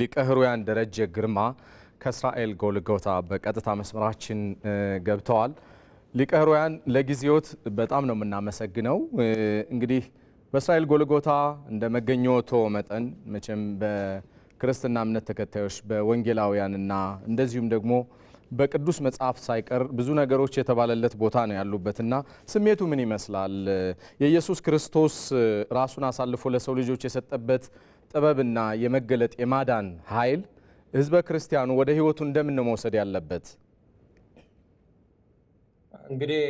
ሊቀ ሕሩያን ደረጀ ግርማ ከእስራኤል ጎልጎታ በቀጥታ መስመራችን ገብተዋል። ሊቀ ሕሩያን ለጊዜዎት በጣም ነው የምናመሰግነው። እንግዲህ በእስራኤል ጎልጎታ እንደ መገኘቶ መጠን መቼም በክርስትና እምነት ተከታዮች በወንጌላውያንና እንደዚሁም ደግሞ በቅዱስ መጽሐፍ ሳይቀር ብዙ ነገሮች የተባለለት ቦታ ነው ያሉበትና ስሜቱ ምን ይመስላል? የኢየሱስ ክርስቶስ ራሱን አሳልፎ ለሰው ልጆች የሰጠበት ጥበብና የመገለጥ የማዳን ኃይል ህዝበ ክርስቲያኑ ወደ ህይወቱ እንደምን መውሰድ ያለበት? እንግዲህ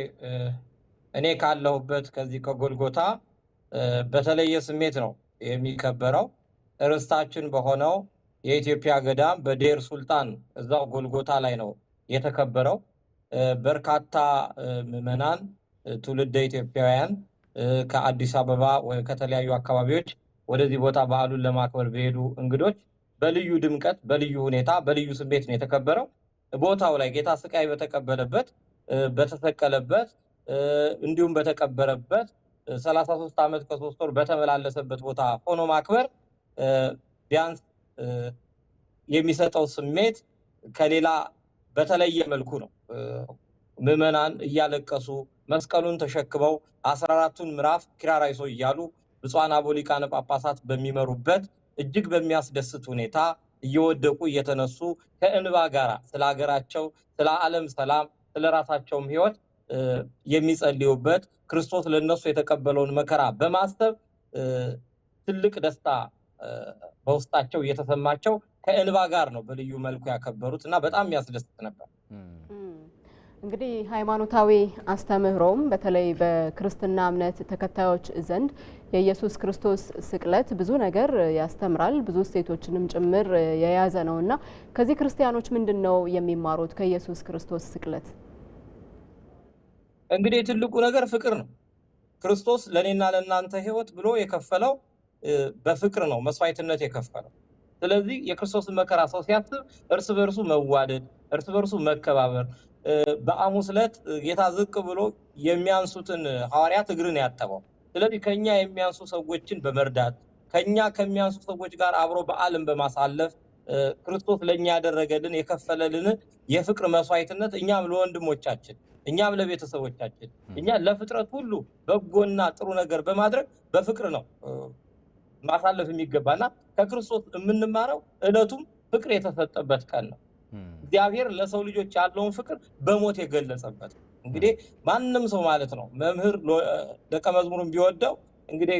እኔ ካለሁበት ከዚህ ከጎልጎታ በተለየ ስሜት ነው የሚከበረው። ርስታችን በሆነው የኢትዮጵያ ገዳም በዴር ሱልጣን እዛው ጎልጎታ ላይ ነው የተከበረው። በርካታ ምዕመናን ትውልደ ኢትዮጵያውያን ከአዲስ አበባ ወይም ከተለያዩ አካባቢዎች ወደዚህ ቦታ በዓሉን ለማክበር በሄዱ እንግዶች በልዩ ድምቀት፣ በልዩ ሁኔታ፣ በልዩ ስሜት ነው የተከበረው። ቦታው ላይ ጌታ ስቃይ በተቀበለበት፣ በተሰቀለበት እንዲሁም በተቀበረበት 33 ዓመት ከሶስት ወር በተመላለሰበት ቦታ ሆኖ ማክበር ቢያንስ የሚሰጠው ስሜት ከሌላ በተለየ መልኩ ነው። ምዕመናን እያለቀሱ መስቀሉን ተሸክመው አስራ አራቱን ምዕራፍ ኪራራይሶ እያሉ ብፁዓን አቦ ሊቃነ ጳጳሳት በሚመሩበት እጅግ በሚያስደስት ሁኔታ እየወደቁ እየተነሱ ከእንባ ጋር ስለ ሀገራቸው፣ ስለ ዓለም ሰላም፣ ስለ ራሳቸውም ህይወት የሚጸልዩበት ክርስቶስ ለእነሱ የተቀበለውን መከራ በማሰብ ትልቅ ደስታ በውስጣቸው እየተሰማቸው ከእንባ ጋር ነው በልዩ መልኩ ያከበሩት እና በጣም የሚያስደስት ነበር። እንግዲህ ሃይማኖታዊ አስተምህሮም በተለይ በክርስትና እምነት ተከታዮች ዘንድ የኢየሱስ ክርስቶስ ስቅለት ብዙ ነገር ያስተምራል፣ ብዙ እሴቶችንም ጭምር የያዘ ነው እና ከዚህ ክርስቲያኖች ምንድን ነው የሚማሩት? ከኢየሱስ ክርስቶስ ስቅለት እንግዲህ ትልቁ ነገር ፍቅር ነው። ክርስቶስ ለእኔና ለእናንተ ህይወት ብሎ የከፈለው በፍቅር ነው፣ መስዋዕትነት የከፈለው። ስለዚህ የክርስቶስን መከራ ሰው ሲያስብ እርስ በርሱ መዋደድ፣ እርስ በርሱ መከባበር በአሙስ ዕለት ጌታ ዝቅ ብሎ የሚያንሱትን ሐዋርያት እግርን ያጠበው። ስለዚህ ከኛ የሚያንሱ ሰዎችን በመርዳት ከኛ ከሚያንሱ ሰዎች ጋር አብሮ በዓልን በማሳለፍ ክርስቶስ ለእኛ ያደረገልን የከፈለልን የፍቅር መስዋዕትነት እኛም ለወንድሞቻችን እኛም ለቤተሰቦቻችን እኛ ለፍጥረት ሁሉ በጎና ጥሩ ነገር በማድረግ በፍቅር ነው ማሳለፍ የሚገባና ከክርስቶስ የምንማረው ዕለቱም ፍቅር የተሰጠበት ቀን ነው። እግዚአብሔር ለሰው ልጆች ያለውን ፍቅር በሞት የገለጸበት እንግዲህ ማንም ሰው ማለት ነው መምህር ደቀ መዝሙሩን ቢወደው እንግዲህ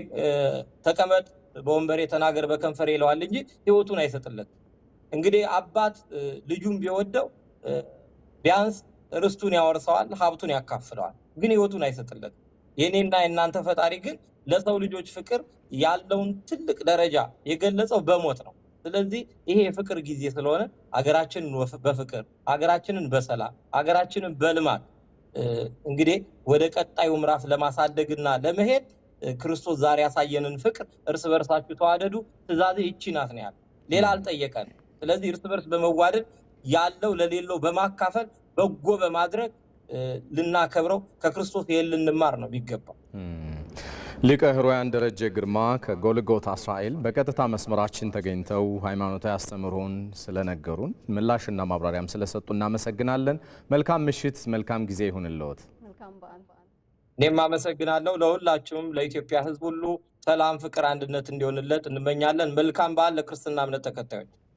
ተቀመጥ በወንበሬ ተናገር በከንፈር ይለዋል እንጂ ህይወቱን አይሰጥለት እንግዲህ አባት ልጁን ቢወደው ቢያንስ ርስቱን ያወርሰዋል፣ ሀብቱን ያካፍለዋል፣ ግን ህይወቱን አይሰጥለት። የኔና የእናንተ ፈጣሪ ግን ለሰው ልጆች ፍቅር ያለውን ትልቅ ደረጃ የገለጸው በሞት ነው። ስለዚህ ይሄ የፍቅር ጊዜ ስለሆነ አገራችንን በፍቅር አገራችንን በሰላም አገራችንን በልማት እንግዲህ ወደ ቀጣዩ ምዕራፍ ለማሳደግና ለመሄድ ክርስቶስ ዛሬ ያሳየንን ፍቅር እርስ በርሳችሁ ተዋደዱ ትእዛዜ ይቺ ናት ነው ያለ። ሌላ አልጠየቀን። ስለዚህ እርስ በርስ በመዋደድ ያለው ለሌለው በማካፈል በጎ በማድረግ ልናከብረው ከክርስቶስ ይሄን ልንማር ነው ቢገባ ሊቀ ሕሩያን ደረጀ ግርማ ከጎልጎታ እስራኤል በቀጥታ መስመራችን ተገኝተው ሃይማኖታዊ አስተምህሮን ስለነገሩን ምላሽና ማብራሪያም ስለሰጡ እናመሰግናለን። መልካም ምሽት፣ መልካም ጊዜ ይሁንልዎት። እኔም አመሰግናለሁ። ለሁላችሁም ለኢትዮጵያ ሕዝብ ሁሉ ሰላም፣ ፍቅር፣ አንድነት እንዲሆንለት እንመኛለን። መልካም በዓል ለክርስትና እምነት ተከታዮች